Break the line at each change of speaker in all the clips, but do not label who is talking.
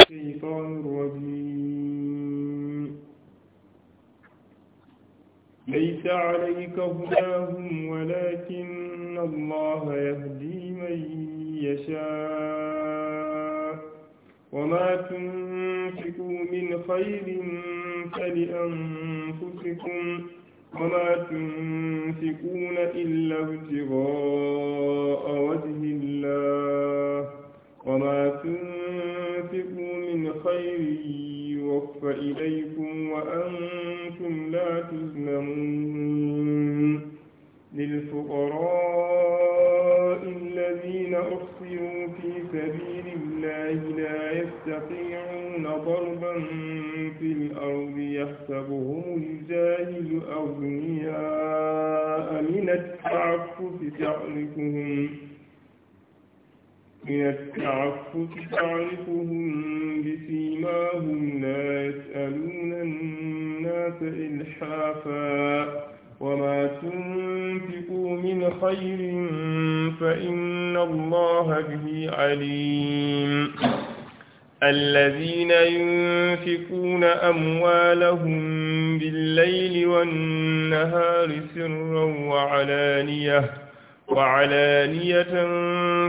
الشيطان الرجيم ليس عليك هداهم ولكن الله يهدي من يشاء وما تنفقوا من خير فلأنفسكم وما تنفقون إلا ابتغاء وجه الله وما تنفقون الخير يوفى إليكم وأنتم لا تظلمون للفقراء الذين أحصروا في سبيل الله لا يستطيعون ضربا في الأرض يحسبهم الجاهل أغنياء من التعفف تعرفهم من التعفف تعرفهم بسيماهم لا يسألون الناس إلحافا وما تنفقوا من خير فإن الله به عليم الذين ينفقون أموالهم بالليل والنهار سرا وعلانيةً وعلانية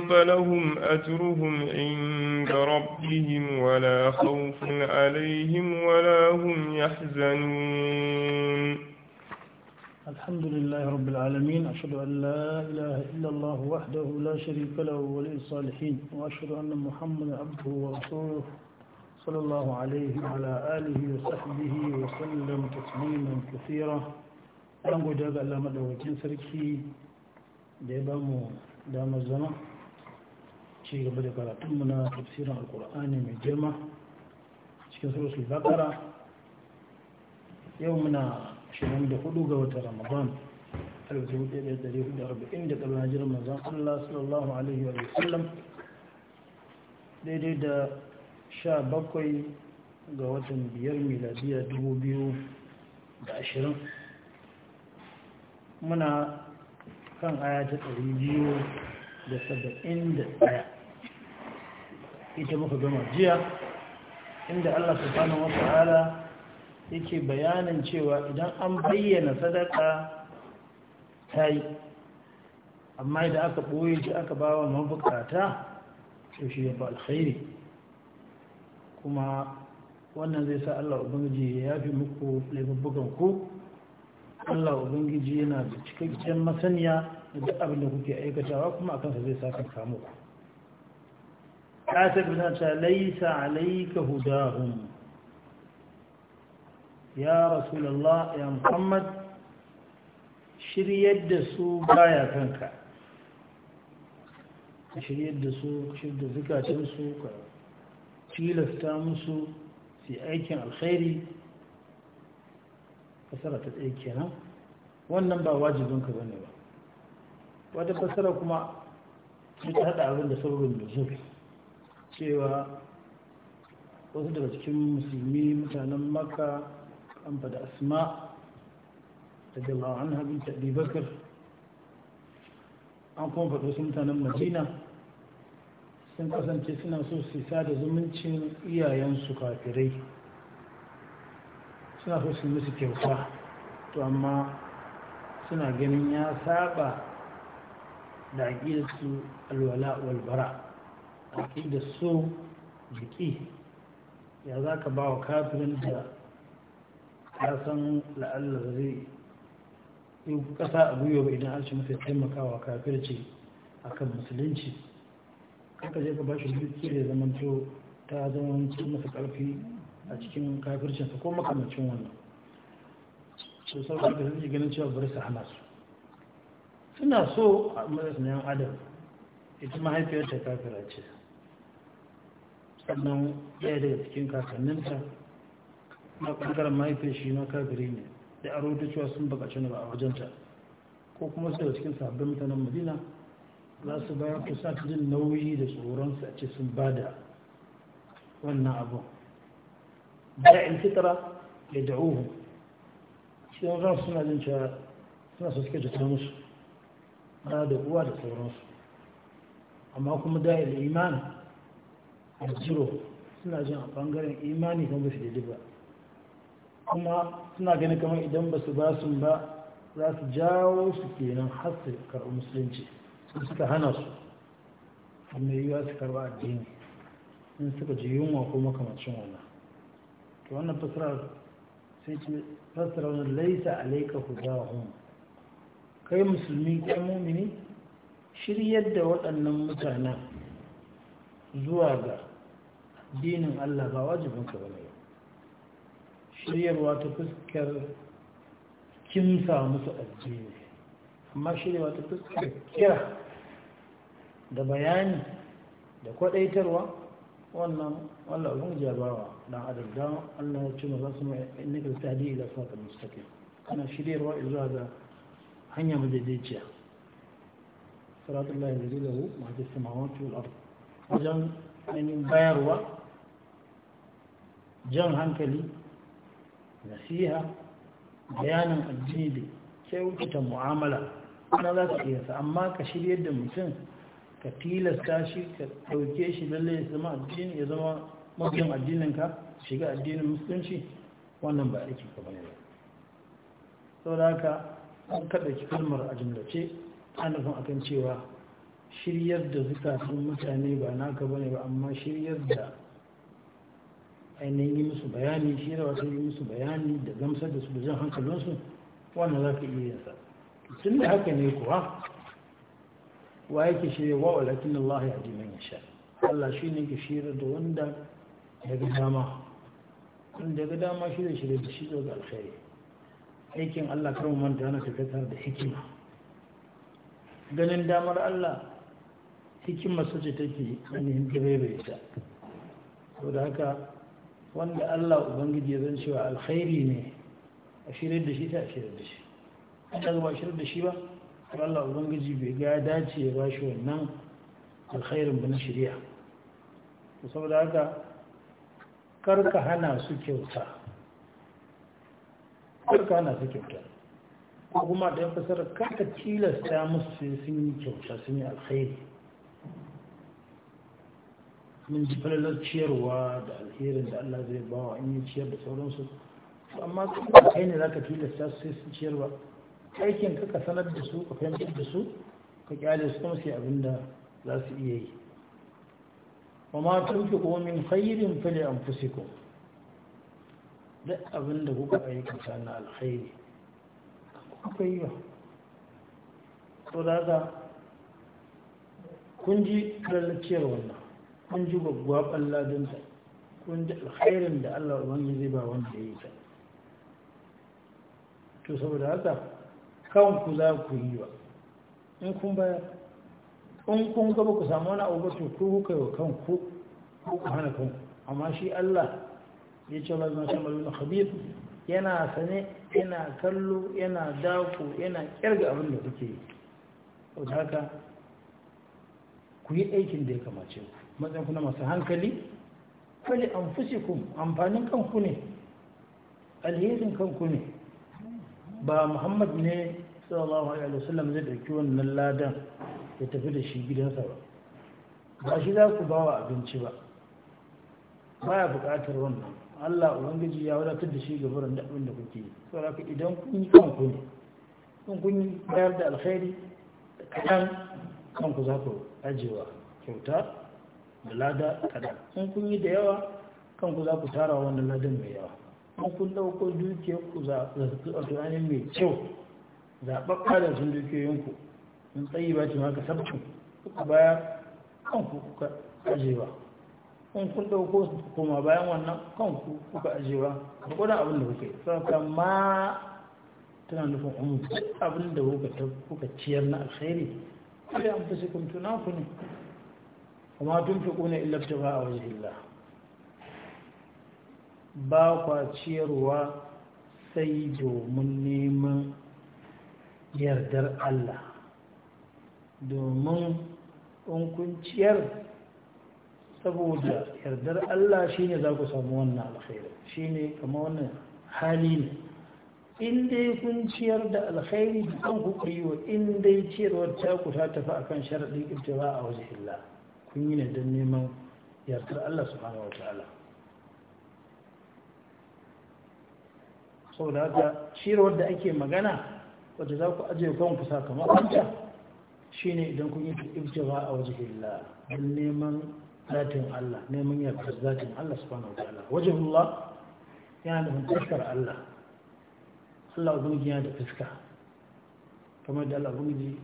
فلهم أجرهم عند ربهم ولا خوف عليهم ولا هم يحزنون
الحمد لله رب العالمين أشهد أن لا إله إلا الله وحده لا شريك له ولي الصالحين وأشهد أن محمد عبده ورسوله صلى الله عليه وعلى آله وصحبه وسلم تسليما كثيرا أنا أقول لك ألا مدعوكين سركي da ya ba mu damar zama ci gaba da karatunmu na tafsirin alkur'ani mai girma cikin surusul bakara yau muna da hudu ga wata ramadan 1440 da ƙarfin jiran manzan allah sallallahu alaihi wa sallam daidai da sha bakwai ga watan biyar miladiya ashirin muna kan aya ta ɗari biyu da saba'in da ɗaya ita muka gama jiya inda Allah subhanahu wa ta'ala yake bayanin cewa idan an bayyana sadaka ta yi amma idan aka ɓoye shi aka ba wa mabukata to shi ya alkhairi kuma wannan zai sa Allah ubangiji ya yafi muku laifin ku Allah ubangiji yana da cikakken masaniya da duk abin da kuke aikatawa kuma akan sa zai saka kamu ka ta bi ta laisa alayka hudahum ya rasulullah ya muhammad shiryar da su baya kanka ka shiryar da su shirya su, ka tilasta musu su aikin alkhairi fasara ta tsaye kenan wannan ba ka bane ba wata fasara kuma sun ta haɗa abin da saurin da cewa wasu daga cikin musulmi mutanen maka an fada asma da jama'a an haɗin taɗi bakar an kuma faɗo su mutanen madina sun kasance suna so su sa da zumuncin iyayensu kafirai suna so su musu kyauta to amma suna ganin ya saba da aƙidarsu alwala walbara aƙidar so jiki ya za ka ba wa kafirin da ya san la'allar zai yi ƙasa a gwiwa ba idan shi mafi taimakawa kafirci a kan musulunci kanka je ka ba shi duki da zamanto ta zama masa ƙarfi a cikin kafircinsa ko makamacin wannan su sau da zai ganin cewa bari su hana su suna so a matsayin yan adam ita mahaifiyar ta kafira ce sannan ɗaya daga cikin kakanninta na ƙangaren mahaifiyar shi na kafiri ne da aro da cewa sun bakaci na ba a wajenta ko kuma su da cikin sabbin mutanen madina za su bayar kusa jin nauyi da tsoronsu a ce sun ba da wannan abun da ilfitra ya da'uhu cikin ran suna jin cewa suna so suke jita musu na da uwa da sauransu amma kuma da iman da jiro suna jin a bangaren imani kan basu daidai ba kuma suna ganin kamar idan ba su ba su ba za su jawo su kenan har su musulunci su suka hana su kuma yiwuwa su karɓa addini in suka ji yunwa ko makamancin wannan to wannan fasirar sai ce fasirar wani laisa alaika hun kai musulmi ko mumini shiryar da waɗannan mutanen zuwa ga dinin Allah ba wajibin ka wani shiryarwa ta fuskar kimsa musu addini amma shiryarwa ta fuskar kira da bayani da kwadaitarwa wannan Allah ubun ya bawa dan adam dan Allah ya ce maza su mai innaka tahdi ila siratal mustaqim kana shiryarwa zuwa ga hanya madaidaiciya siratal lahi alladhi lahu ma fi samawati wal ard wajen ainihin bayarwa jan hankali nasiha bayanin addini da kyautata mu'amala ana za ka iya sa amma ka shirya da mutum ka tilasta shi ka ɗauke shi lalle ya zama addini ya zama mabiyan addininka shiga addinin musulunci wannan ba aiki ka bane ba sau da haka an kaɗa ki kalmar a jimlace ana nufin akan cewa shiryar da zukatun mutane ba naka bane ba amma shiryar da ainihin yi musu bayani shirawa sun yi musu bayani da gamsar da su da jan hankalinsu wannan za ka iya sa tun da haka ne kuwa wa yake shirya wa walakin Allah ya ji man sha. Allah shi ne ke shirya da wanda ya ga dama wanda ya ga dama shi da shirya da shi ga alkhairi aikin Allah kar mu manta na tafiya da hikima ganin damar Allah hikima sace take ainihin direbaita to da haka wanda Allah Ubangiji ya zan cewa alkhairi ne a shirya da shi ta a da shi a ta zuba da shi ba har Allah ubangiji bai ga dace ya ba shi wannan alkhairin ba na shari'a saboda haka karka hana su kyauta karka hana su kyauta ko kuma da ya fasar karka tilasta musu sun yi kyauta sun yi alkhairi mun ji falalar ciyarwa da alherin da Allah zai bawa in yi ciyar da sauransu amma kuma kai ne za ka tilasta su sai sun ciyar ba aikin ka sanar da su ka fahimtar da su ka kyale su kuma sai abinda za su iya yi wa ma tunfiqu min khairin fali anfusikum duk abin da kuka aikata na alkhairi kuka yi ba to da haka kun ji lalacewar wannan kun ji gwaggwaɓar ladinta kun ji alkhairin da allah ubangiji ba wanda ya yi ta to saboda haka kanku za ku yi wa in kun baya, in kun gaba ku samu wani abu to ku kai wa kanku ku ku hana kanku amma shi Allah ya ce ba zan san malul habib yana sane yana kallo yana dako yana kirga abin da kuke yi to haka ku yi aikin da ya kamace ku matsayin kuna masu hankali kwali anfusikum amfanin kanku ne alherin kanku ne ba muhammad ne sallallahu alaihi wasallam zai dauki wannan ladan ya tafi da shi gidansa ba ba shi za ku bawa abinci ba ba ya buƙatar wannan Allah ubangiji ya wadatar da shi ga da abin da kuke yi saboda idan kun yi kanku ne kun kun yi bayar da alkhairi kaɗan kanku za ku ajewa kyauta da lada kaɗan kun kun yi da yawa kanku za ku tara wannan ladan mai yawa kun kun ɗauko dukiyar ku za ku ainihin mai kyau zaɓaɓɓa da sun dukiyoyinku in tsayi ba ce maka sabcin kuka baya kanku kuka ajewa in kun ɗauko kuma koma bayan wannan kanku kuka ajewa da kuna abin da kuke sauka ma tana nufin umu abin da kuka ciyar na alkhairi kuma ya fi kun tuna ku ne kuma tun fi ƙuna illabta ba a wajen illa ba kwa ciyarwa sai domin neman yardar Allah domin in kun saboda yardar Allah shi ne za ku samu wannan alkhairi ne kama wannan hali ne in dai kun ciyar da alkhairi kan ku kuyiwa in dai ciyarwar wata ku ta tafi akan ƙirƙi ba a wajen illa kun yi ne don neman yardar Allah wata ala saboda haka ciyarwar da ake magana wadda za ku ajiye kanku sakamakon shi ne idan kun yi ba a wajen illa don neman zatin Allah neman yarda zatin Allah su fana wajen Allah yana da fuskar Allah Allah ubangiji yana da fuska kamar da Allah ubangiji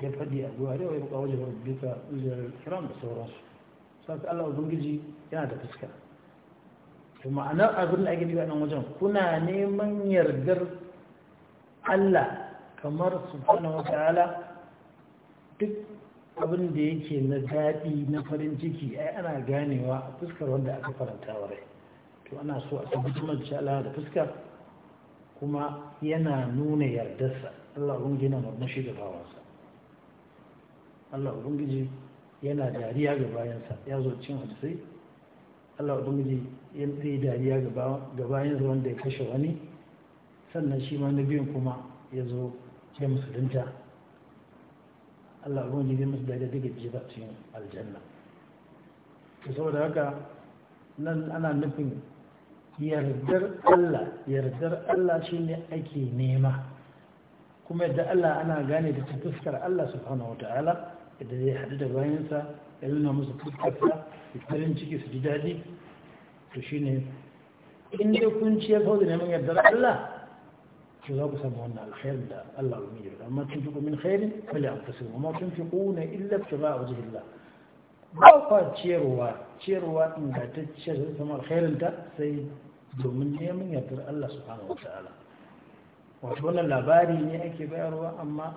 ya faɗi a zuwa yau ya buƙa wajen rubuta zuwa kiran da sauransu sai Allah ubangiji yana da fuska to ma'anar abin da ake nufi a nan wajen kuna neman yardar Allah kamar subhanahu wa ta'ala duk abin da yake na daɗi na farin ciki ai ana ganewa a fuskar wanda aka faranta wa rai to ana so a tabbatar da Allah da fuskar kuma yana nuna yardarsa Allah ubangiji yana murmushi da bawansa Allah ubangiji yana dariya ga bayansa ya zo cin hadisai Allah ubangiji yana dariya ga bayansa wanda ya kashe wani sannan shi ma na biyun kuma ya zo ce musulunta Allah ruwan jirgin musu da daga jiba cikin aljanna saboda haka nan ana nufin yardar Allah yardar Allah shi ne ake nema kuma yadda Allah ana gane da ta fuskar Allah subhanahu ta'ala, yadda zai hadu da bayansa ya nuna musu fuskarsa da farin ciki su ji daɗi to shi ne inda kun ce fau neman yardar Allah to za ku samu wannan alkhairin da Allah ya yi amma tun fi min khairin fali an fasir amma tun fi na illa ta ba a wajen Allah ba kwa ciyarwa ciyarwa ingantacciyar da samu alkhairin ta sai domin neman yardar Allah subhanahu wa ta'ala wato wannan labari ne ake bayarwa amma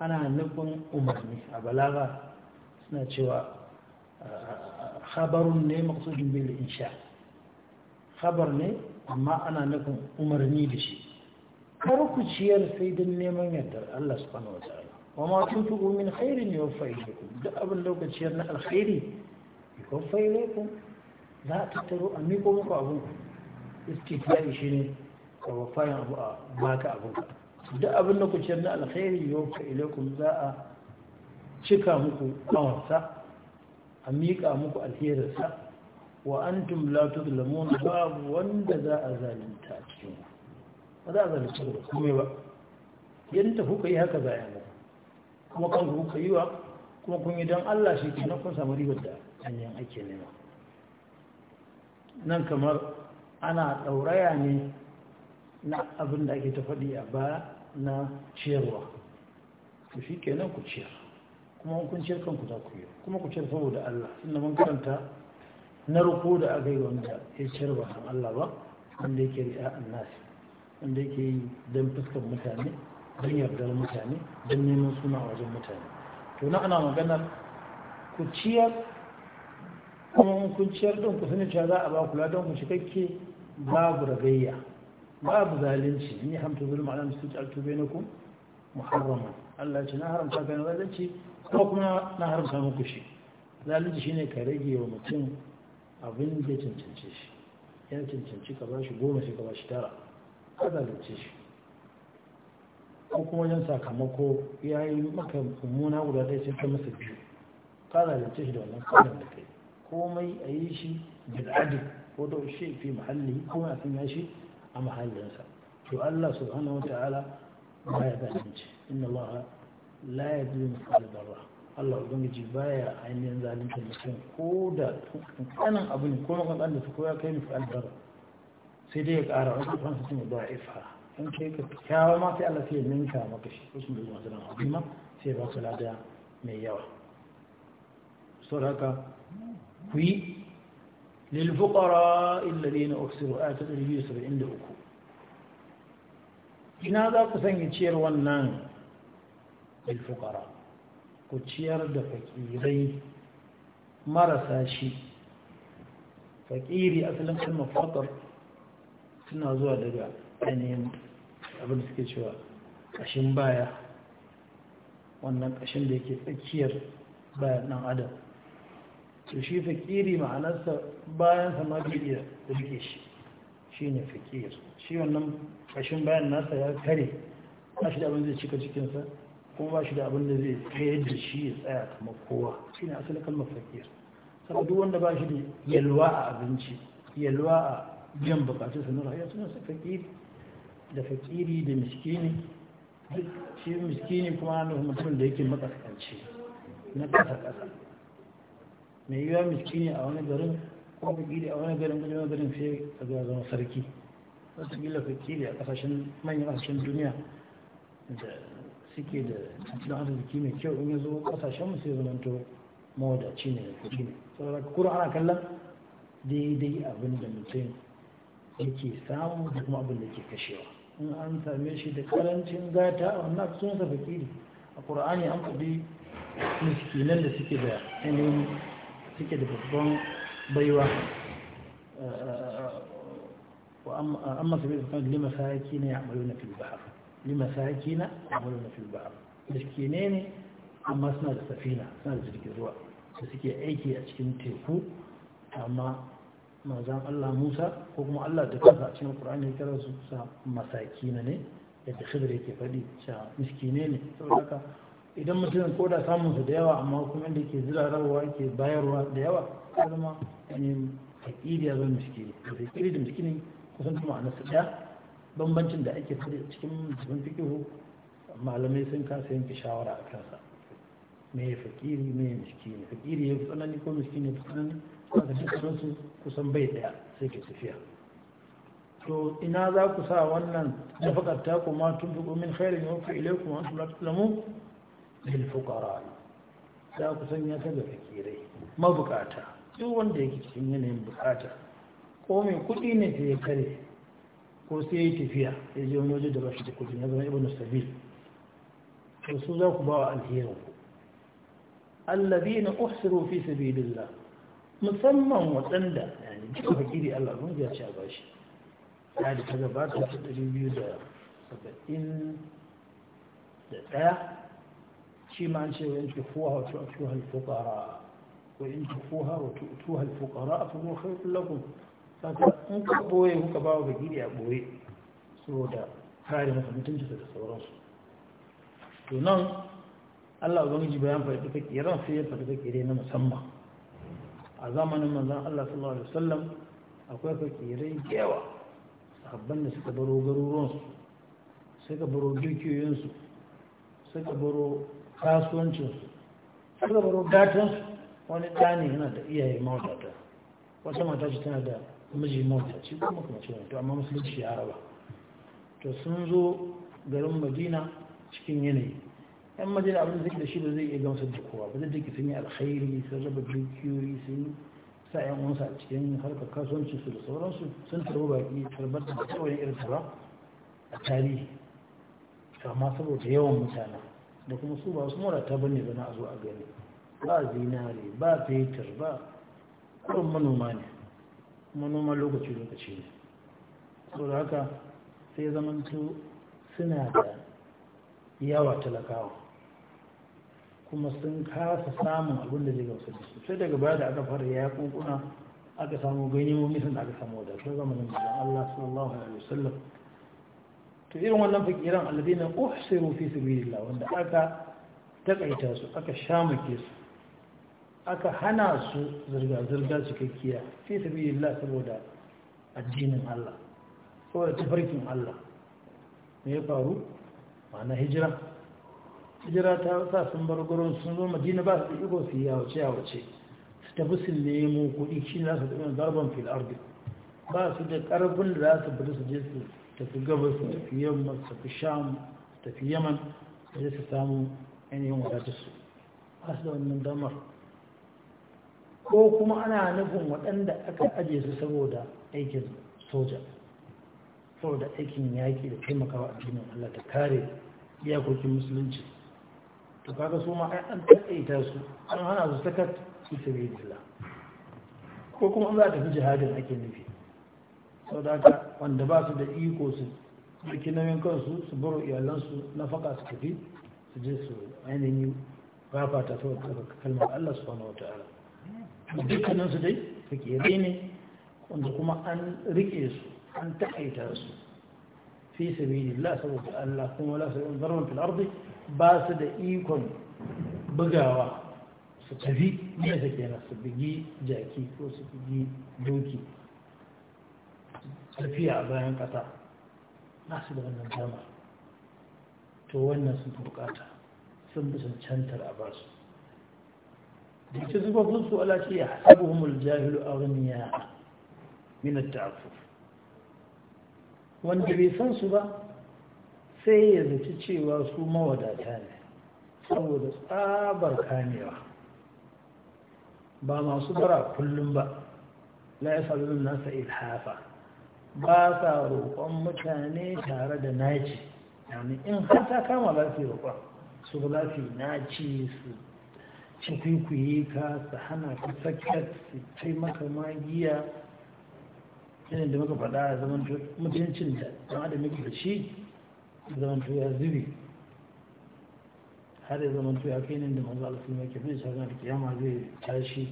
ana nufin umarni a balaga suna cewa khabarun ne maqsudun bil insha khabar ne amma ana nufin umarni da shi kar ku ciyar sai don neman yardar Allah subhanahu wa ta'ala wa ma tunfiqu min khairin yuwaffa ilaykum duk abin lokaciyar na alkhairi yuwaffa ilaykum za a tattaro a miko muku abin istiklali shine ka wafayan abu a baka abun ka Da abin da ku lokaciyar na alkhairi yuwaffa ilaykum za a cika muku kawansa a miƙa muku alherinsa wa antum la tuzlamun babu wanda za a zalunta cikin ku ba za a zalunce da kome ba yadda kuka yi haka za a yi kuma kan kuka yi wa kuma kun yi don Allah shi kuma kun samu ribar da hanyar ake nema nan kamar ana ɗauraya ne na abin da ake ta faɗi a baya na ciyarwa ku shi kenan ku ciyar kuma kun ciyar kanku za ku yi kuma ku ciyar saboda Allah inda mun karanta na ruku da aka yi wanda ya ciyar ba Allah ba wanda yake ri'a annasi wanda yake yi don fuskar mutane don yardar mutane don neman suna a wajen mutane to na ana maganar ku ciyar kuma kun ciyar don ku sani cewa za a ba kula don ku cikakke babu ragayya babu zalunci ni hamtu zulma altube na ku, muharrama Allah ya ce na haramta ga zalunci ko kuma na haramta muku shi zalunci shine ka rage wa mutum abin da cancance shi ya cancanci ka ba shi goma shi ka ba shi tara azalace shi ko kuma wajen sakamako ya yi maka mummuna guda ɗaya sai ta masa biyu ka zalace shi da wannan kwanan da kai komai a yi shi bil'adi ko da shi fi mahalli ko a sanya shi a mahallinsa to Allah subhanahu wata'ala ba ya zalunci inna Allah la ya bi misali barra Allah ubangiji ya ainihin zalunta mutum ko da kanan abu ne ko makon da su ko ya kai misali barra سيديك أرى أرعوك فانسكم ضائفها انكيك كاوماتي ألا سيد منك مكش اسم الله عزيزينا عظيمة سيد رسول عدا ميهو سرقة وي للفقراء الذين أفسروا آتوا اليسر عند أكو إن هذا قسن يتشير ونان للفقراء كتشير دفك إيغي مرساشي فكيري أسلم كلمة فطر suna zuwa daga ainihin abin da suke cewa ƙashin baya wannan ƙashin da yake tsakiyar baya ɗan adam to shi fakiri ma'anarsa bayan sama biyar da rike shi shi ne fakir shi wannan ƙashin bayan nasa ya kare ba shi da abin zai cika cikinsa kuma ba shi da abin da zai tsayar da shi ya tsaya kama kowa shi ne asali kalmar fakir saboda duk wanda ba shi da yalwa a abinci yalwa a biyan bukatu na rayuwa suna su fakiri da fakiri da miskini duk shi miskini kuma na mutum da yake makaskanci na kasa kasa mai yiwuwa miskini a wani garin ko fakiri a wani garin gudunwa garin sai ka zuwa zama sarki wasu gila fakiri a kasashen manyan kasashen duniya da suke da tattalin arziki mai kyau in ya zo kasashen mu sai zamanto mawadaci ne da fakiri da kura ana kallon daidai abin da mutum yake samu da kuma abin da ke kashewa in an same shi da karancin gata a wannan sun sa fakiri a ƙur'ani an faɗi miskinan da suke da ainihin suke da babban baiwa amma masu bai kan lima sayaki na ya'amalu na fil bahar lima sayaki na ya'amalu na Da suke miskine ne amma suna da safina suna da jirgin ruwa da suke aiki a cikin teku amma manzan Allah Musa ko kuma Allah da kansa a cikin Qur'ani ya kira su sa masakina ne yadda Khidr yake faɗi cewa miskine ne saboda idan mutum ko da samun su da yawa amma kuma inda yake zirarwa yake bayarwa da yawa kuma ne fakiri ya zo miskini kiri da ko kusan kuma ana sada bambancin da ake faɗi cikin jikin fikihu malamai sun kasa yanke shawara a kansa me fakiri me miskine fakiri ya fi tsanani ko miskine ya fi tsanani da dukkaninsu kusan bai daya sai ke tafiya to ina za ku sa wannan nafakar ta kuma tun fi min khairin yau fi ilai kuma wasu latulamu lil fukara za ku sanya ta ga fakirai mabukata duk wanda yake cikin yanayin bukata ko mai kuɗi ne ta ya kare ko sai ya tafiya ya je wani waje da ba shi da kudi na zama ibn sabil to su za ku ba wa alherin ku allazina uhsiru fi sabilillah musamman waɗanda cikin hakiri Allah mun ya ci a bashi ya da ta gabata ta ɗari biyu da saba'in da ɗaya shi ma an ce wa yanki fuwa wa tu'atuha al-fuqara wa yanki fuha wa tu'atuha al-fuqara a fuhu khairul lakum saka in ka boye kuka ba wa gidi a ɓoye, saboda kare masa mutunci da sauransu to nan Allah ubangiji bayan faɗi ta kiran sai ya faɗi ta na musamman a zamanin manzan Allah sallallahu alaihi wasallam akwai fakirai yawa sahabban da suka baro garuruwansu suka baro dukiyoyinsu suka baro kasuwancinsu suka baro datansu wani ɗani yana da iyaye mawadata wata mata ce tana da miji ce kuma kuma ce to amma musulunci ya raba to sun zo garin madina cikin yanayi yan majina abin zai da shi ba zai iya gamsar da kowa ba zai da sun yi alkhairi sun raba dukiyoyi sun sa yan uwansa a cikin harkar kasuwanci su da sauransu sun tarbi baki tarbar da kawai irin ba a tarihi amma saboda yawan mutane da kuma su ba su mora ta bane ba na zo a gani ba zinare ba fetur ba kurin manoma ne manoma lokaci lokaci ne saboda haka sai zamanto suna da yawa talakawa kuma sun kasa samun abin da zai gamsu su sai daga baya da aka fara ya kunkuna aka samu ganyemomi sun da aka samu wadatar zama da Allah sallallahu alaihi wasallam to irin wannan fakiran alladina uhsiru fi sabilillah wanda aka takaita su aka shamake su aka hana su zirga zirga cikakkiya fi sabilillah saboda addinin Allah saboda tafarkin Allah me ya faru ma'ana hijira jira ta sa sun bar gurin sun zo madina ba su iko su yi yawace wace su tafi su nemo kuɗi shi na su tafi zarban fil ardi ba su da ƙarfin da za su bari su je su tafi gabas su tafi yamma su tafi sham su tafi yaman su je su samu ainihin wadatarsu ba su da wannan damar ko kuma ana nufin waɗanda aka aje su saboda aikin soja saboda aikin yaƙi da taimakawa a cikin Allah ta kare iyakokin musulunci to kaga su ma an taƙaita su an hana su sakat su sabi ko kuma an za ta fi jihadin ake nufi sau da haka wanda ba su da iko su ɗauki nauyin kansu su baro iyalansu na faka su tafi su je su ainihin fafata ta wata kalmar Allah subhanahu wa ta'ala dukkaninsu dai fakirai ne wanda kuma an rike su an taƙaita su fi sabilillah saboda Allah kuma la sa'un zarwan fil ardi ba su da ikon bugawa su tafi ne da kenan su bugi jaki ko su bugi doki tafiya a bayan kasa ba su da wannan dama to wannan sun bukata sun bi cancantar a ba su da ke zuba kunsu ala ce ya haɗu humul jahilu a wani ya min at-ta'affuf wanda bai san su ba sai ya zaci cewa su mawadata ne saboda tsabar kamewa ba masu bara kullum ba la ya salunan nasa ilhafa ba sa roƙon mutane tare da naci yani in hata kama lafi roƙon su ba lafi naci su cikwikwiye ka su hana ka sakat su taimaka magiya irin da muka faɗa a zaman mutuncin da ɗan adam yake da shi zaman to ya zube har da zaman to ya kai nan da manzo Allah sun yake bin sanar da kiyama zai tashi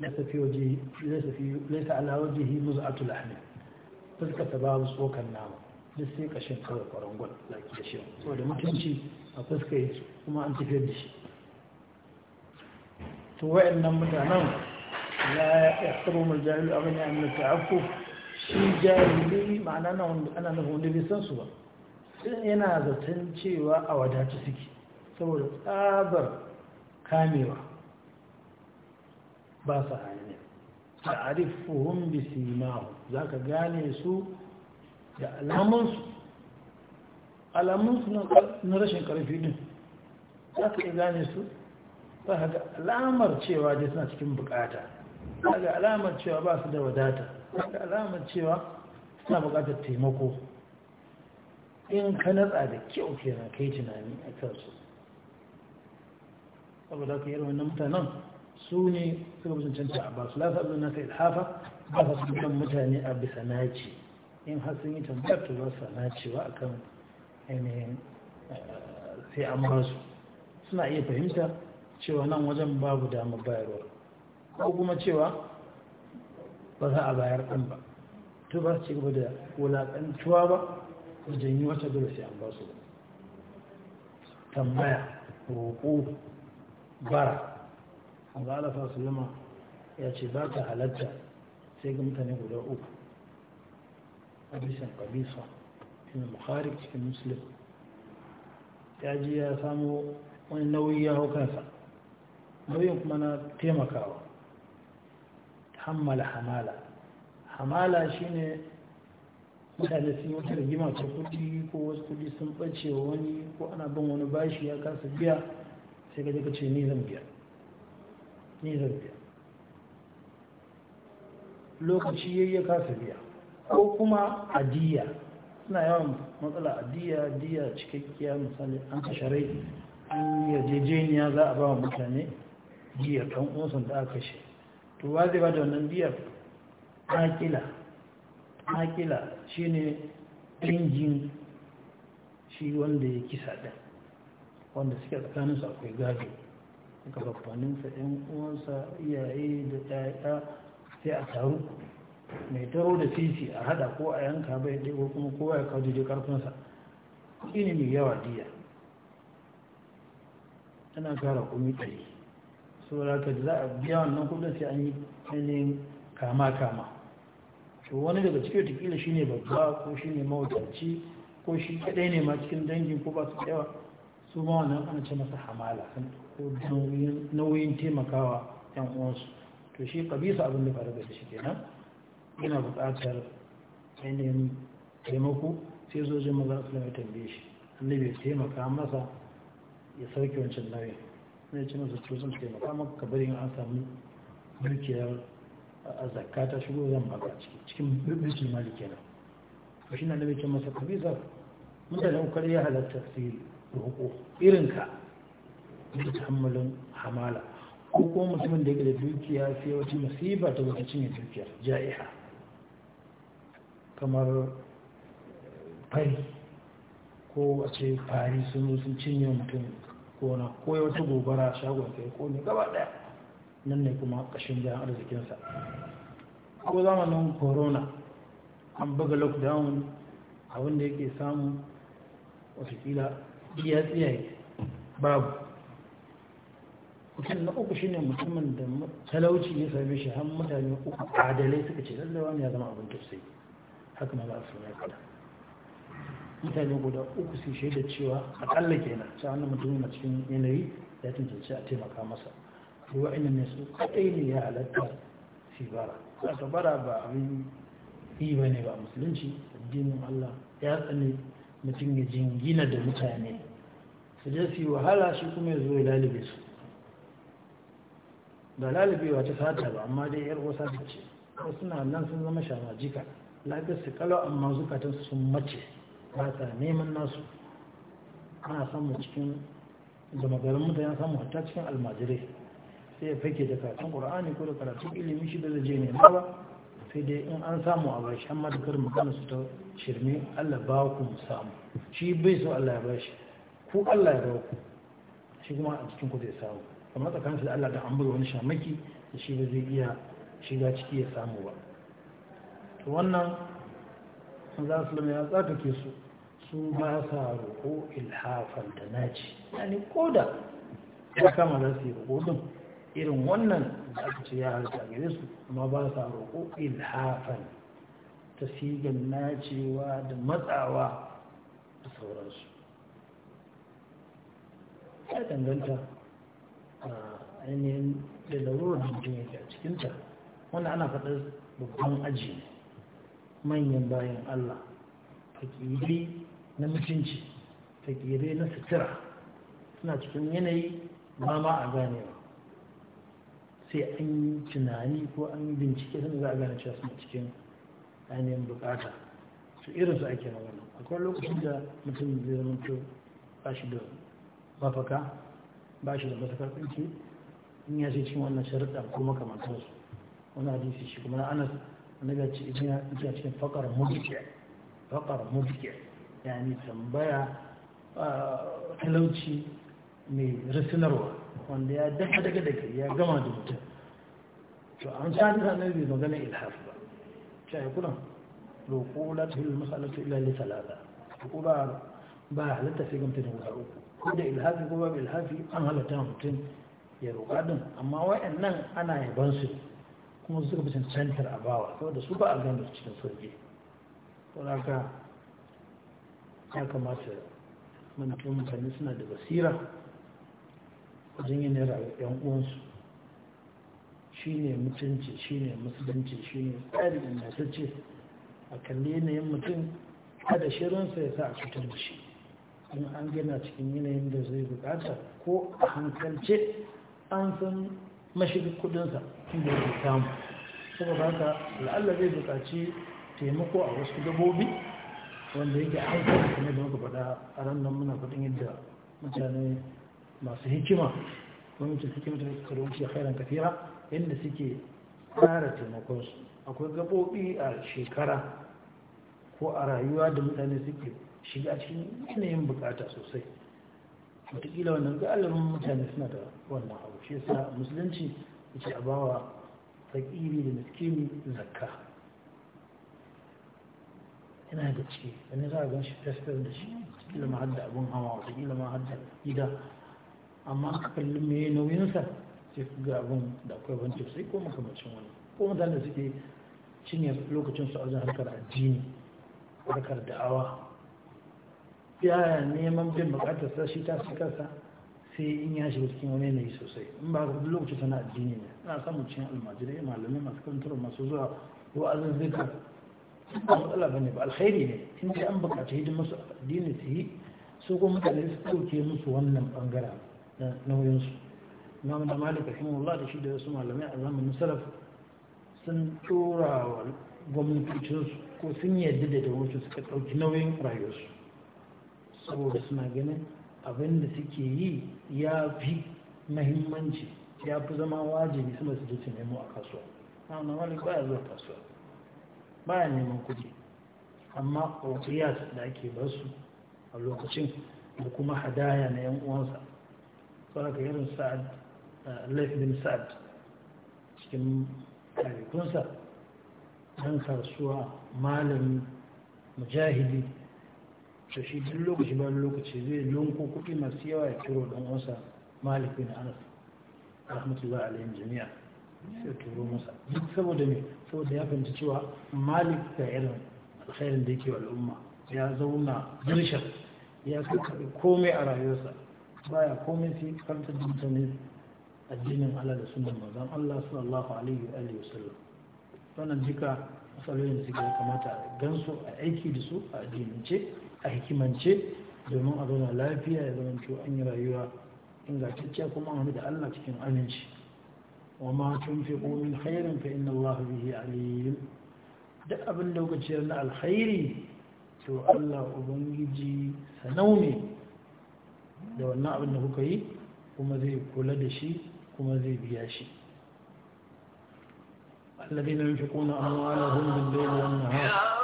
laysa fi wajhi laysa fi laysa ala wajhihi muz'atu lahmi fuskar ta babu tsokan nama duk sai kashin kawai kwarangon laki da shi saboda mutunci a fuska yake kuma an tafiyar da shi to wa'annan mutanen ya لا يحترم الجاهل أغنى من التعفف shi jahili ma'ana ana nufin wanda bai san su ba sun yana zaton cewa a wadatu suke saboda tsabar kamewa ba su hanyar ta'arifuhum bi za ka gane su da alamunsu alamunsu na rashin karfi din za ka gane su ba ga alamar cewa dai suna cikin bukata ba ga alamar cewa ba su da wadata wanda alamar cewa suna bukatar taimako in ka natsa da kyau ke na kai tunani a kansu saboda ka yi wannan mutanen su ne suka bujin canta a basu lasa abin nasa ilhafa ba su kan mutane a bisa naci in har sun yi tambayar to ba su nacewa a kan ainihin eh, sai an ba su suna iya fahimta cewa nan wajen babu damar bayarwa ko kuma cewa ba za a bayar ɗan ba to ba su ci gaba da wulaƙantuwa ba wajen yi wata dole sai an ba su tambaya roƙo bara ga alafa ya ce ba ta halatta sai ga mutane guda uku a bisan kabisa cikin bukhari cikin muslim ya ji ya samu wani nauyi ya hau kansa nauyin kuma na taimakawa hammala hamala hamala shine mutane sun yi wata rigima ta kudi ko wasu kudi sun bace wa wani ko ana bin wani bashi ya kasa biya sai ka ka ce ni zan biya ni zan biya lokaci yayi ya kasa biya ko kuma adiya suna yawan matsala adiya adiya cikakkiya misali an kashe rai an yarjejeniya za a ba wa mutane jiya kan uwansu da aka kashe to wa zai ba da wannan biyar akila akila shine injin shi wanda ya kisa ɗin wanda suke tsakaninsu akwai gado gabaninsa ɗan uwansa iyaye da ɗaya sai a taru mai taro da sisi a hada ko a yanka bai ɗaya kuma kowa ya kawo daidai ƙarfinsa shi ne mai yawa diya ana kara kumi ɗari saboda ka za a biya wannan kudin sai an yi ainihin kama kama to wani daga cikin watakila shine babba ko shine mawadaci ko shi kadai ne ma cikin dangin ko ba su yawa su ma wannan ana ce masa hamala ko nauyin taimakawa yan uwansu to shi kabisa abin da faru da shi kenan yana buƙatar ainihin taimako sai zo jin maza su da tambaye shi annabi ya taimaka masa ya sauke wancan nauyin zai ci masa cikin sun taimaka maka ka bari an samu dukiyar a zakka ta shigo zan baka cikin birkin mali kenan ba shi na da masa kabisa mutane kokari ya halatta su yi roƙo irinka da hamala ko ko mutumin da yake da dukiya sai wata masifa ta wata cinye dukiyar ja'iha kamar eh, fari ko a ce fari sun sun cinye mutum kona ko wata gobara shagon sai kone gaba daya nan ne kuma kashin jan arzikinsa ko zamanin corona an buga lockdown abin da yake samun watakila iya tsiyaye babu mutum na uku shine mutumin da talauci ya same shi har mutane uku adalai suka ce lallai wani ya zama abin tausayi haka ma za su ya kada mutane guda uku su shaida cewa akalla kenan ta wannan mutumin na cikin yanayi ya tuntunce a taimaka masa ruwa ina ne su kadai ne ya halatta shi bara ka bara ba abin yi ba ne ba musulunci addinin Allah ya tsane mutum ya jingina da mutane su je su yi wahala shi kuma ya zo ya lalibe su ba lalibewa ta sata ba amma dai yar wasa ta ce wasu na nan sun zama shamajika lafiyar su kalau amma zukatansu sun mace ba neman nasu ana samu cikin zama garin mutane samu hatta cikin almajirai sai ya fake da karatun ƙura'ani ko da karatun ilimin shi da zai je nema ba sai dai in an samu a bashi amma mata karin magana su ta shirme allah ba ku samu shi bai so allah ya ba shi ku allah ya ba ku shi kuma a cikin ku zai samu amma tsakanin da allah da an wani shamaki da shi ba zai iya shiga ciki ya samu ba wannan za su ya tsakake su su ba sa roƙo ilhafan da naci yani koda ya kama za su yi irin wannan da aka ce ya harta gare su amma ba sa roƙo ilhafan ta sigan nacewa da matsawa da sauransu ya danganta a ainihin da larurar da mutum yake a cikinta wanda ana faɗar babban aji manyan bayan allah fakiri na mutunci ta gere na sutura suna cikin yanayi ba ma a ganewa sai an yi tunani ko an yi bincike sun za a gane cewa suna cikin ainihin bukata su irin su ake wannan akwai lokacin da mutum zai zama to ba shi da mafaka ba shi da matakar tsinki in ya ce cikin wannan sharuɗa ko makamantarsu wani hadisi shi kuma na anas wani ga cikin faƙar mudike yani tambaya talauci mai rasinarwa wanda ya daga daga daga ya gama da mutum to an sami sanar bai magana ilhaf ba yi kuna roƙo lati ta hulun masalatu ilali talata ko ba ba halatta sai gamta da wuta uku ko da ilhafi ko ba ilhafi an halatta mutum ya roƙa din amma nan ana yaban su kuma suka fi cancantar a bawa saboda su ba a gano cikin sauƙi. ka. ya kamata manufin mutane suna da basira wajen yin yan uwansu shi ne mutunci shi ne musulunci shi ne tsari ce a kalli yanayin mutum kada shirinsa ya sa a cutar da shi in an gina cikin yanayin da zai bukata ko a hankalce an san mashigin kudinsa inda ya samu saboda haka la'alla zai bukaci taimako a wasu dabobi wanda yake a da kuma da muka faɗa a ran nan muna faɗin yadda mutane masu hikima wani mutum suke suka rubuce kairan kafira yadda suke tsara taimakonsu akwai gaɓoɓi a shekara ko a rayuwa da mutane suke shiga cikin yanayin bukata sosai wataƙila wannan alamun mutane suna da wannan abu shi yasa musulunci yake abawa a bawa fakiri da miskini zakka yana da ciki wani za a gan shi fesfes da shi kila ma hadda abin hawa wata kila ma hadda gida amma aka kalli me nauyinsa sai ku ga abin da akwai ban sai ko makamacin wani ko mutane da suke cinye lokacin su a wajen harkar addini harkar da'awa yaya neman bin bukatar sa shi ta sa sai in ya shiga cikin wani yanayi sosai in ba ka lokacin sana addini ne na samun cin almajirai malamai masu kantar masu zuwa wa'azin zikar ba matsala bane ba alkhairi ne in dai an bukaci hidimar su addini su yi su kuma mutane su ɗauke musu wannan bangara na nauyinsu imam da malik rahimahullah da shi da wasu malamai a zamanin salaf sun tura wa ko sun yarda da wasu suka ɗauki nauyin rayuwarsu saboda suna ganin abin da suke yi ya fi mahimmanci ya fi zama wajibi sama su je su nemo a kasuwa. ba malik baya zuwa kasuwa. baya neman kudi amma ƙwaƙiyas da ake su a lokacin da kuma hadaya na yan uwansa saboda irin sa'ad eh, laifin sa'ad cikin tarikunsa ɗan kasuwa malami mujahidi to shi duk lokaci bayan lokaci zai lunko kuɗi masu yawa ya kiro ɗan uwansa malikin anas rahmatullahi alayhim jami'a sai turo masa duk saboda ne saboda ya fahimci cewa malik da irin alkhairin da yake al'umma ya zauna dirshan ya fi karɓi komai a rayuwarsa baya komai sai kanta da mutane addinin Allah da sunan manzon Allah sallallahu alaihi wa alihi wasallam wannan duka masalolin da suke kamata a gansu a aiki da su a addinance a hikimance domin a zauna lafiya ya zama an yi rayuwa ingantacciya kuma a da Allah cikin aminci وما تنفقوا من خير فإن الله به عليم دأب اللوك تشيرنا الخير تو الله أبنجي سنومي لو نعب أنه كي كما ذي كلدشي كما ذي بياشي الذين ينفقون أموالهم بالليل والنهار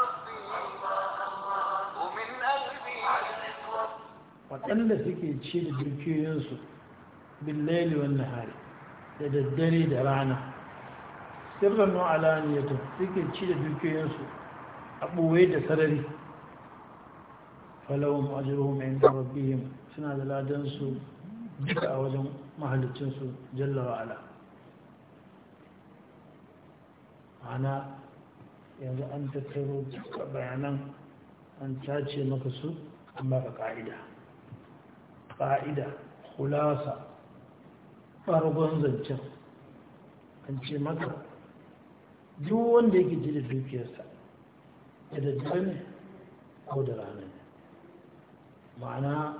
وأن لسكي تشير بالليل والنهار da daddare da rana sirran wa alaniyatu suke ci da dukiyarsu a ɓoye da sarari falawun ajiyarhum inda rabbihim suna da ladansu duka a wajen mahalicinsu jalla ala ana yanzu an tattaro duka bayanan an tace maka su amma ka ƙa'ida, ƙa'ida, kulasa farkon zancen an ce maka duk wanda yake ji da dukiyarsa da daddare ne ko da rana ne ma'ana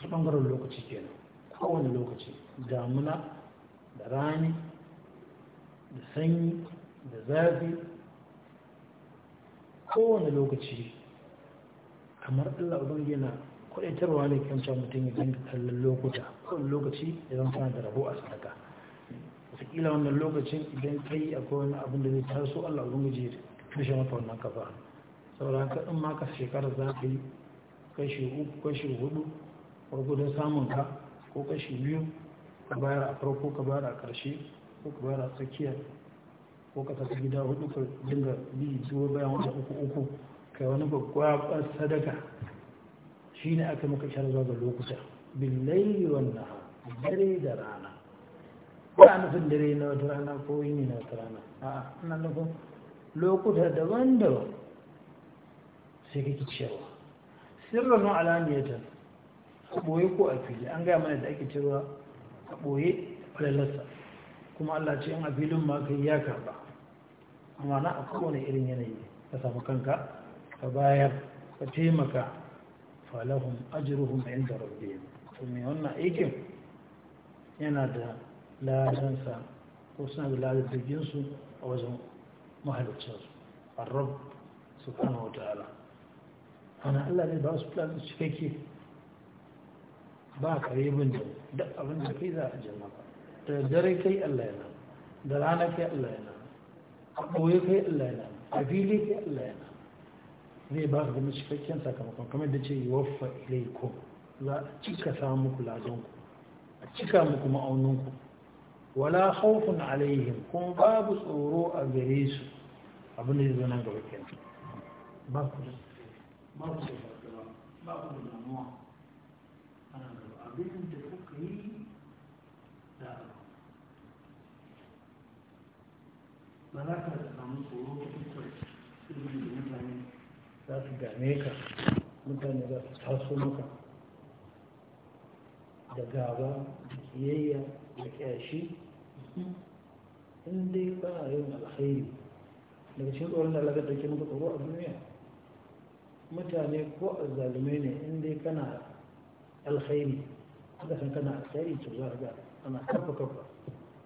ta ɓangaren lokaci kenan kowane lokaci damuna da rani da sanyi da zafi kowane lokaci kamar allah ubangiji na ne ne kyancin mutum ya dinga kallon lokuta kowane lokaci idan tana da rabo a sadaka wataƙila wannan lokacin idan ka yi akwai wani abin da zai taso allah ubangiji ya tushen maka wannan kafa saboda haka in ma shekara za ka yi kashi uku kashi hudu farko don samun ka ko kashi biyu ka bayar a farko ka bayar a ƙarshe ko ka bayar a tsakiyar ko ka tafi gida hudu ka dinga bi zuwa bayan wata uku uku kai wani babbar sadaka shi ne aka muka shar zuwa ga lokuta billahi wannan dare da rana ba nufin dare na wata rana ko yini na wata rana a'a ina nufin lokuta daban-daban sai kake cewa sirrin alaniyatan a ɓoye ko a fili an gaya mana da ake cewa a ɓoye falalarsa kuma Allah ce in a filin ma kai ya karba amma na a kowane irin yanayi ka samu kanka ka bayar ka taimaka falahum ajruhum inda rabbihim to me wannan aikin yana da ladansa ko suna da ladaddakin a wajen rab su arab wata wataala ana Allah ne ba su plan cikakke ba kare bin da duk abin da kai za a jama da dare kai Allah yana da rana kai Allah yana a ɓoye kai Allah yana a fili kai Allah yana zai ba ka kuma cikakken sakamakon kamar da ce waffa ilaikum za a cika samu muku ku a cika muku ma'auninku wala khawfun alaihim kuma babu tsoro a gare su abin da zai nan gaba kenan ba ku ba ku ba ku da damuwa gaba abin da kuka yi da ba za ka samu tsoro za su game ka mutane za su taso maka da gaba da kiyayya da kyashi in dai ba a yin alkhairi daga cikin tsoron da alaƙar da ke maka tsoro a duniya mutane ko a zalume ne in dai kana alkhairi aka san kana alkhairi to za ga ana kafa kafa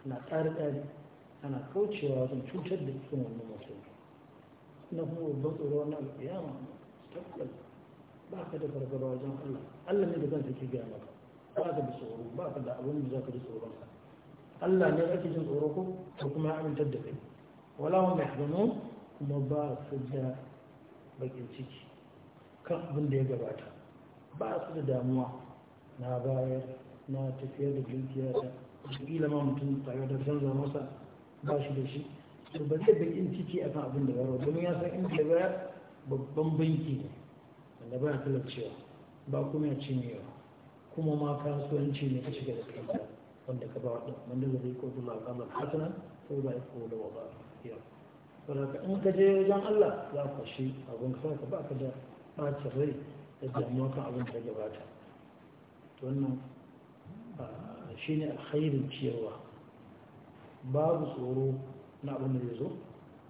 ana tsari tsari ana kaucewa wajen cutar da cikin wannan mutum na kuma babban tsoro na alƙiyama tabbas ba ka da fargaba wajen Allah Allah ne da zan take gaya maka ba ka da tsoro ba ka da abin da za ka ji tsoron sa Allah ne ake jin tsoro ko to kuma amintar da kai wala wa mahzanu kuma ba su da bakin ciki kan abin da ya gabata ba su da damuwa na bayar na tafiya da dukiya ta kila ma mutum tare da canza masa ba shi da shi to ba zai bakin ciki akan abin da ba domin ya san inda ba babban banki ne wanda ba ya talaucewa ba kuma ya cinyewa kuma ma kasuwanci ne ka shiga da kanta wanda ka ba wa ɗan wanda zai ko dula a kamar hasana ko ba ya ko da ba yau saboda in ka je wajen Allah za ka shi abin ka ba ka da ɓacin rai da damuwa kan abin da gabata to wannan ah, shine alkhairin ciyarwa babu tsoro na abin ya zo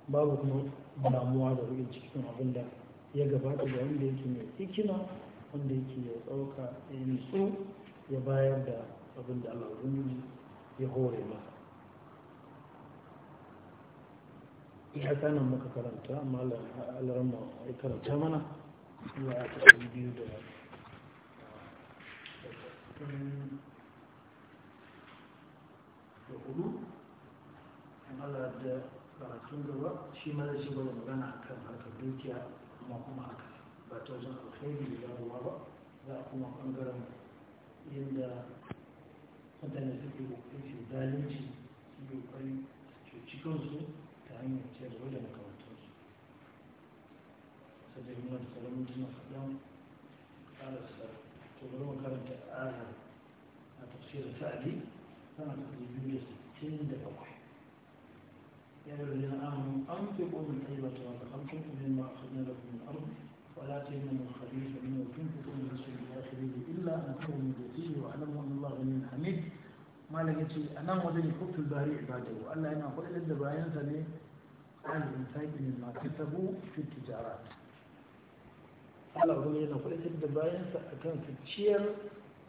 babu kuma damuwa da ruɗin cikin abin ya gabata da wanda yake mai hikima wanda yake ya tsauka ya nutsu ya bayar da abinda da Allah ya hore ba ya sanin muka karanta amma alaran ma ya karanta mana ya ta ɗan biyu da da hudu Allah da karatun gaba shi ma zai shigo da magana akan harkar dukiya amma kuma haka ba ta wajen alkhairi da ruwa ba za a kuma bangaren yadda mutane suke kokarin zalunci su kokarin cuci kansu ta hanyar ciyarwa da makamantarsu sai da yi mana salamun jina kaɗan ƙarasa to bari mu karanta ayar a tafsirin sa'adi sana ta bakwai. يا أيها الذين آمنوا أنفقوا من طيبة رزقكم مما أخرجنا لكم من الأرض ولا تهنوا الخبيث منه تنفقوا من رسول الله خبيث إلا أن تؤمنوا به واعلموا أن الله غني حميد ما لقيتي أنا وزني حب الباري عباده ألا أنا أقول إلا الدباين سني عن الإنسان مما كسبوا في التجارات Allah kuma yana kwaɗaitar da bayansa a kan su ciyar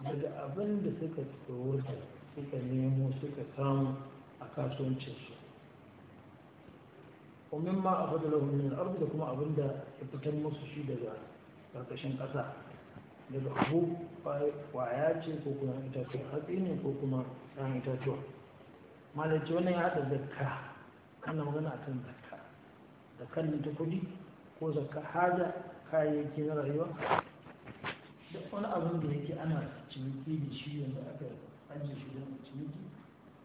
daga abin da suka tsorta suka nemo suka samu a kasuwancinsu wa mimma afadalahu min al-ard da kuma abinda ya fitar musu shi daga karkashin kasa daga abu kwaya ce ko kuma itatuwa hatsi ne ko kuma ɗan itatuwa malaci wannan ya haɗa zakka ana magana a kan zakka zakkan ta kudi ko zakka haja kayayyaki na rayuwa duk wani abin da ya yake ana ciniki da shi yanzu aka aji shi don ciniki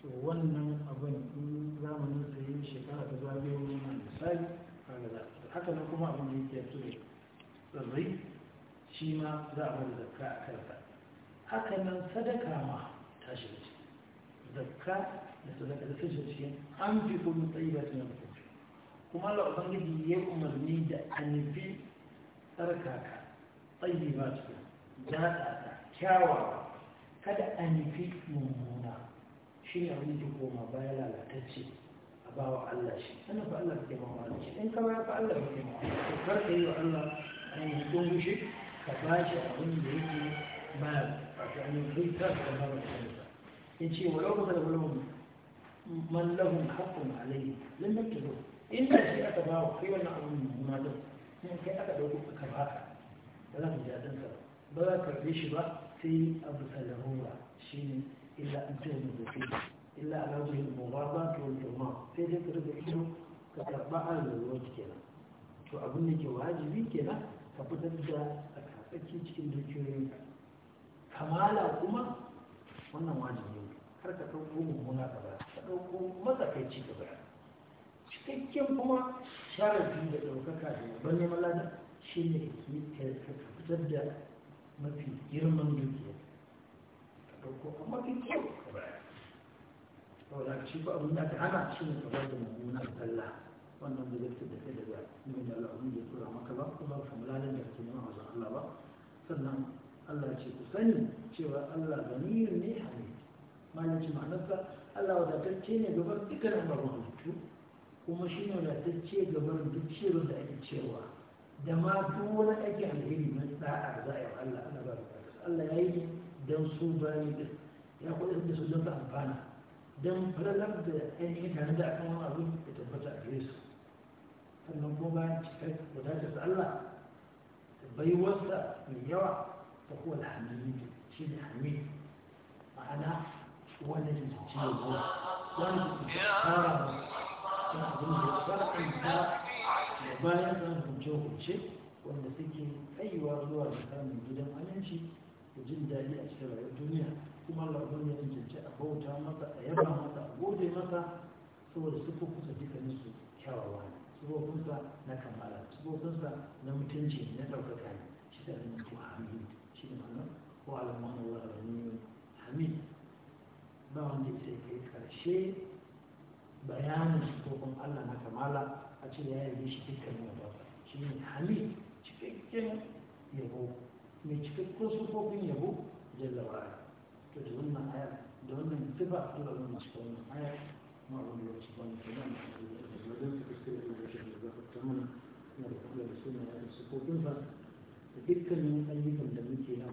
to wannan abin in zamanin sa yi shekara ta zagaye wani na misali kaga za a haka na kuma abin da yake yato tsirrai shi ma za a bada zakka a kansa haka nan sadaka ma ta shiga ciki zakka da sadaka da shiga an fi kuma tsayi ba su yanzu kuma Allah Ubangiji ya umarni da an fi tsarkaka tsayi ba su daɗaɗa kyawawa kada an fi mummuna shi ne abin da koma baya lalatacce a bawa Allah shi ana ba Allah ke mamaye shi in kama ya fa Allah ke mamaye kar ka yi wa Allah a yi tsohon shi ka ba shi abin da yake ba a tsanin duk ta ka ba wa in ce wa yau da wani man lahun haƙƙun alayhi lallan ki zo inda shi aka ba wa kai wannan abin mummuna don sai kai aka ɗauko aka ba ka ba za ka ji daɗin ba za ka karɓe shi ba sai abu sallamu ba shi ne إلا أن تهدي فيه إلا على وجه المغاضة والإرماء في ذكر الإسلام كتربع الوجه كنا to abin da ke wajibi kenan ka fitar da tsakatsaki cikin dukiyoyin kamala kuma wannan wajibi har ka ɗauko mummuna ka bara ka ɗauko matsakaici ka bara cikakken kuma sharafi da ɗaukaka da babban neman lada shi ne ka fitar da mafi girman dukiya ɗauko amma fi kyau ka baya saboda ka shi ba abin da ta hana ta ne kamar da mummunan sallah wannan da zai da sai daga nuna da Allah abin da ya tura maka ba ko ba ka mulalan da ke nema wajen Allah ba sannan Allah ya ce ku sani cewa Allah ganiyin ne hamid malaci ma'anarsa Allah wadatacce ne gaban dukkanin marubutu kuma shi ne wadatacce gaban duk cewar da ake cewa da ma duk wani ake alheri na sa'a za a yi Allah Allah ba da don su bayi da ya koyar da su don ta amfana don falalar da yi tare da akan wani abu da tabbata a gare su sannan kuma bayan cikar wadatar da Allah baiwarsa mai yawa ta kuwa da hannun yi shi da hamidu ma'ana wanda ke cikin ruwa wanda ke tsara wani abin da ya fara kanta da bayan zan hukunce hukunce wanda suke kaiwa zuwa da samun gidan aminci da jin daɗi a cikin rayuwar duniya kuma Allah ubin ya cancanci a bauta masa a yaba masa a gode masa saboda kusa dukkanin su kyawawa ne kusa na kamala kusa na mutunci na ɗaukaka ne shi da nan ko hamid shi da ma'ana ko alamanu wa alamanu hamid ba wanda ya sai kai karshe bayanin sufofin Allah na kamala a ce ya yi shi dukkanin wadata shi ne hamid cikakken yabo mai cikakkun sufofin yabo jalla wa ala to da wannan aya da wannan tiba a tura wannan masu wannan aya ma wani lokaci ba mu kuma da wajen su fuskar da wajen da zafi ta mana na da kula da suna da sufofin ba da dukkanin ayyukan da muke na